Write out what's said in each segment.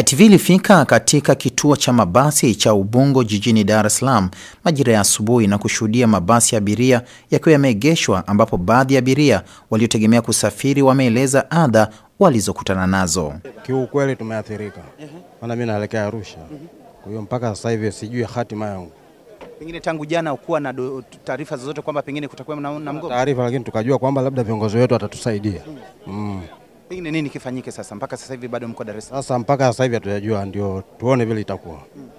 ITV ilifika katika kituo cha mabasi cha Ubungo jijini Dar es Salaam majira ya asubuhi na kushuhudia mabasi ya abiria yakiwa yameegeshwa, ambapo baadhi ya abiria waliotegemea kusafiri wameeleza adha walizokutana nazo. Kiukweli tumeathirika, maana mimi naelekea Arusha, kwa hiyo mpaka sasa hivi sijui hatima yangu. Pengine tangu jana ukuwa na taarifa zozote kwamba pengine kutakuwa na mgomo? Taarifa, lakini tukajua kwamba labda viongozi wetu watatusaidia mm. Pengine nini kifanyike sasa? Mpaka sasa hivi bado mko Dar es Salaam. Sasa mpaka sasa hivi hatujajua, ndio tuone vile itakuwa.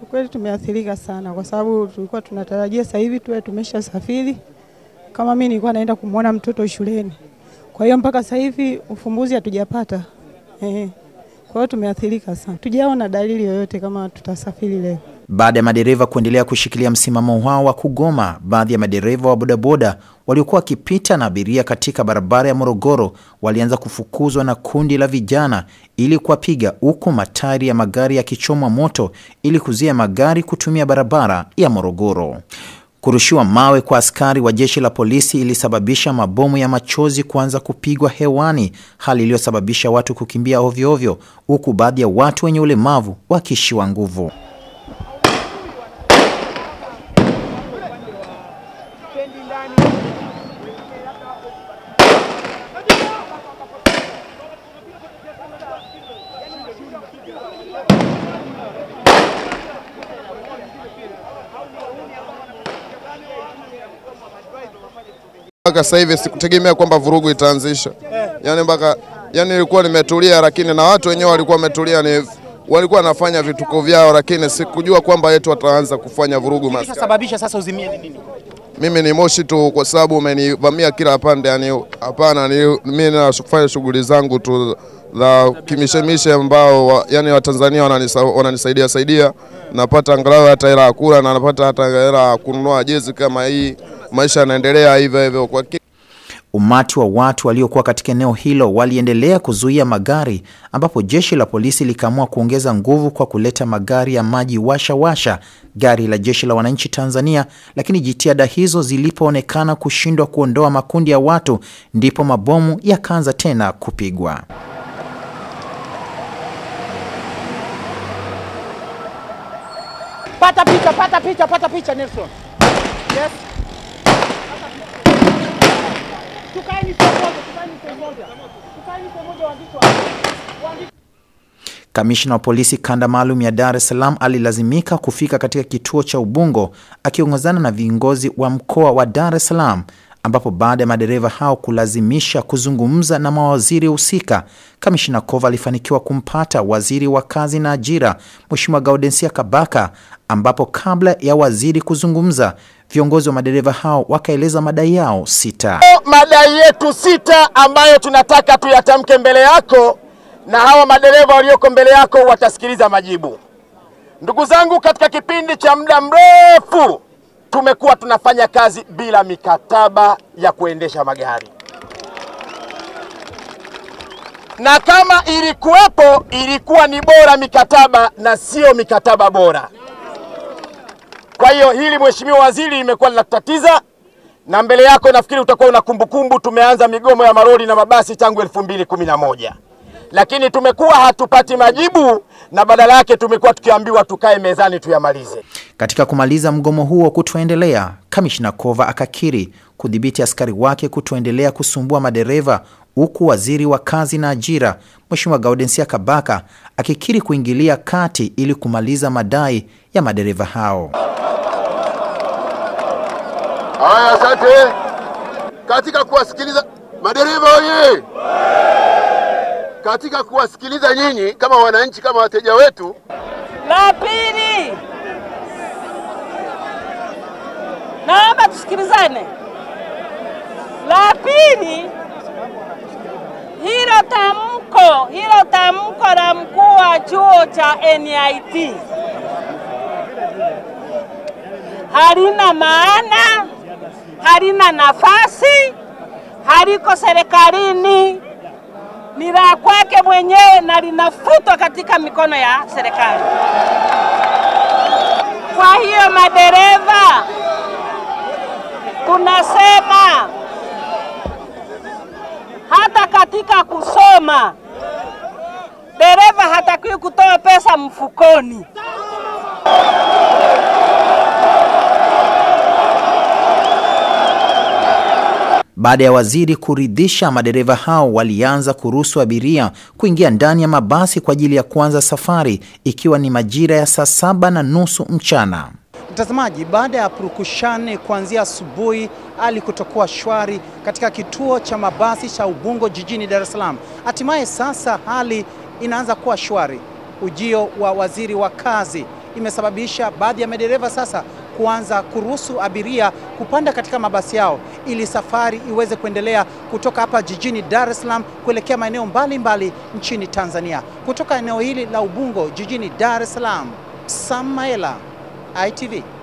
Kweli tumeathirika sana, kwa sababu tulikuwa tunatarajia sasa hivi tuwe tumesha safiri. Kama mimi nilikuwa naenda kumwona mtoto shuleni, kwa hiyo mpaka sasa hivi ufumbuzi hatujapata eh. Kwa hiyo tumeathirika sana, tujaona dalili yoyote kama tutasafiri leo. Baada ya madereva kuendelea kushikilia msimamo wao wa kugoma, baadhi ya madereva wa bodaboda waliokuwa wakipita na abiria katika barabara ya Morogoro walianza kufukuzwa na kundi la vijana ili kuwapiga, huku matari ya magari yakichomwa moto ili kuzuia magari kutumia barabara ya Morogoro. Kurushiwa mawe kwa askari wa jeshi la polisi ilisababisha mabomu ya machozi kuanza kupigwa hewani, hali iliyosababisha watu kukimbia ovyoovyo, huku baadhi ya watu wenye ulemavu wakiishiwa nguvu. Mpaka sasa hivi sikutegemea kwamba vurugu itaanzisha, Yaani mpaka yani ilikuwa nimetulia, lakini na watu wenyewe walikuwa wametulia, ni walikuwa wanafanya vituko vyao, lakini sikujua kwamba yetu wataanza kufanya vurugu. Masababisha sasa uzimie ni nini? Mimi ni moshi tu, kwa sababu umenivamia kila pande. Yani hapana, mimi nafanya shughuli zangu tu za kimishemishe, ambao yani Watanzania wananisaidia saidia, napata angalau hata hela ya kula na napata hata hela ya kununua jezi kama hii maisha yanaendelea hivyo hivyo kwa Umati wa watu waliokuwa katika eneo hilo waliendelea kuzuia magari ambapo jeshi la polisi likaamua kuongeza nguvu kwa kuleta magari ya maji washa washa, gari la jeshi la wananchi Tanzania. Lakini jitihada hizo zilipoonekana kushindwa kuondoa makundi ya watu, ndipo mabomu yakaanza tena kupigwa. Pata picha, pata picha, pata picha, Nelson. Yes. Tukani pamoja, pamoja. pamoja waandishi wa Kamishna wa polisi kanda maalum ya Dar es Salaam alilazimika kufika katika kituo cha Ubungo akiongozana na viongozi wa mkoa wa Dar es Salaam ambapo baada ya madereva hao kulazimisha kuzungumza na mawaziri husika, kamishina Kova alifanikiwa kumpata waziri wa kazi na ajira Mheshimiwa Gaudensia Kabaka, ambapo kabla ya waziri kuzungumza, viongozi wa madereva hao wakaeleza madai yao sita. Madai yetu sita ambayo tunataka tuyatamke mbele yako, na hawa madereva walioko mbele yako watasikiliza majibu. Ndugu zangu, katika kipindi cha muda mrefu tumekuwa tunafanya kazi bila mikataba ya kuendesha magari, na kama ilikuwepo ilikuwa ni bora mikataba na sio mikataba bora. Kwa hiyo hili, Mheshimiwa Waziri, imekuwa linatatiza na mbele yako nafikiri utakuwa una kumbukumbu, tumeanza migomo ya maroli na mabasi tangu 2011 lakini tumekuwa hatupati majibu na badala yake tumekuwa tukiambiwa tukae mezani tuyamalize. Katika kumaliza mgomo huo kutoendelea, Kamishna Kova akakiri kudhibiti askari wake kutoendelea kusumbua madereva, huku waziri wa kazi na ajira Mheshimiwa Gaudensia Kabaka akikiri kuingilia kati ili kumaliza madai ya madereva hao. Haya, asante. Katika kuwasikiliza madereva oye! katika kuwasikiliza nyinyi kama wananchi, kama wateja wetu. La pili, naomba tusikilizane. La pili, hilo tamko hilo tamko la mkuu wa chuo cha NIT halina maana, halina nafasi, haliko serikalini ni la kwake mwenyewe na linafutwa katika mikono ya serikali. Kwa hiyo madereva, tunasema hata katika kusoma dereva hatakiwi kutoa pesa mfukoni. Baada ya waziri kuridhisha, madereva hao walianza kuruhusu abiria kuingia ndani ya mabasi kwa ajili ya kuanza safari, ikiwa ni majira ya saa saba na nusu mchana. Mtazamaji, baada ya purukushani kuanzia asubuhi, hali kutokuwa shwari katika kituo cha mabasi cha Ubungo jijini Dar es Salaam, hatimaye sasa hali inaanza kuwa shwari. Ujio wa waziri wa kazi imesababisha baadhi ya madereva sasa kuanza kuruhusu abiria kupanda katika mabasi yao ili safari iweze kuendelea kutoka hapa jijini Dar es Salaam kuelekea maeneo mbalimbali nchini Tanzania. Kutoka eneo hili la Ubungo jijini Dar es Salaam, Samaela, ITV.